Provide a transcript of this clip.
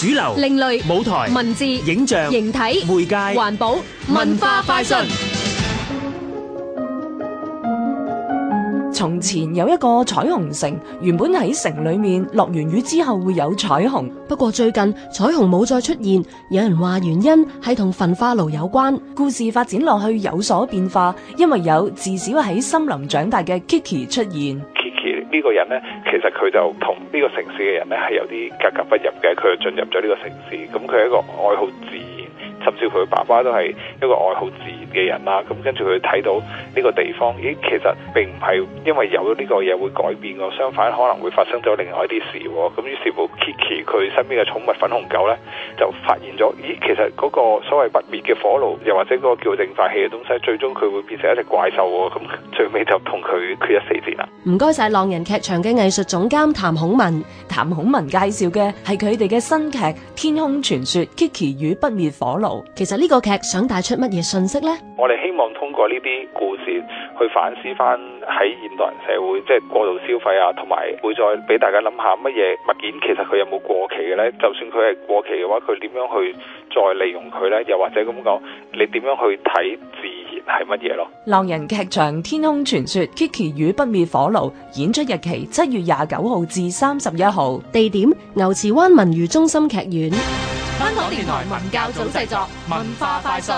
主流、另類舞台、文字、影像、形體、媒介、環保、文化快訊。從前有一個彩虹城，原本喺城裏面落完雨之後會有彩虹。不過最近彩虹冇再出現，有人話原因係同焚化爐有關。故事發展落去有所變化，因為有自小喺森林長大嘅 Kiki 出現。呢個人呢，其實佢就同呢個城市嘅人呢，係有啲格格不入嘅。佢就進入咗呢個城市，咁佢係一個愛好自然，甚至佢爸爸都係一個愛好自然嘅人啦。咁跟住佢睇到呢個地方，咦，其實並唔係因為有呢個嘢會改變嘅，相反可能會發生咗另外一啲事。咁於是乎，Kiki 佢身邊嘅寵物粉紅狗呢，就發現咗，咦，其實嗰個所謂不滅嘅火爐，又或者嗰個叫淨化器嘅東西，最終佢會變成一隻怪獸喎。咁最尾就同佢決一死戰啦。唔該晒，浪人劇場嘅藝術總監譚孔文，譚孔文介紹嘅係佢哋嘅新劇《天空傳說》Kiki 與不滅火爐。其實呢個劇想帶出乜嘢信息咧我哋希望通過呢啲故事去反思翻喺現代人社會，即係過度消費啊，同埋會再俾大家諗下乜嘢物件其實佢有冇過期嘅咧就算佢係過期嘅話，佢點樣去再利用佢咧又或者咁講，你點樣去睇字？係乜嘢咯？狼人劇場《天空傳說》Kiki 與不滅火爐演出日期七月廿九號至三十一號，地點牛池灣文娛中心劇院。香港電台文教組製作，文化快訊。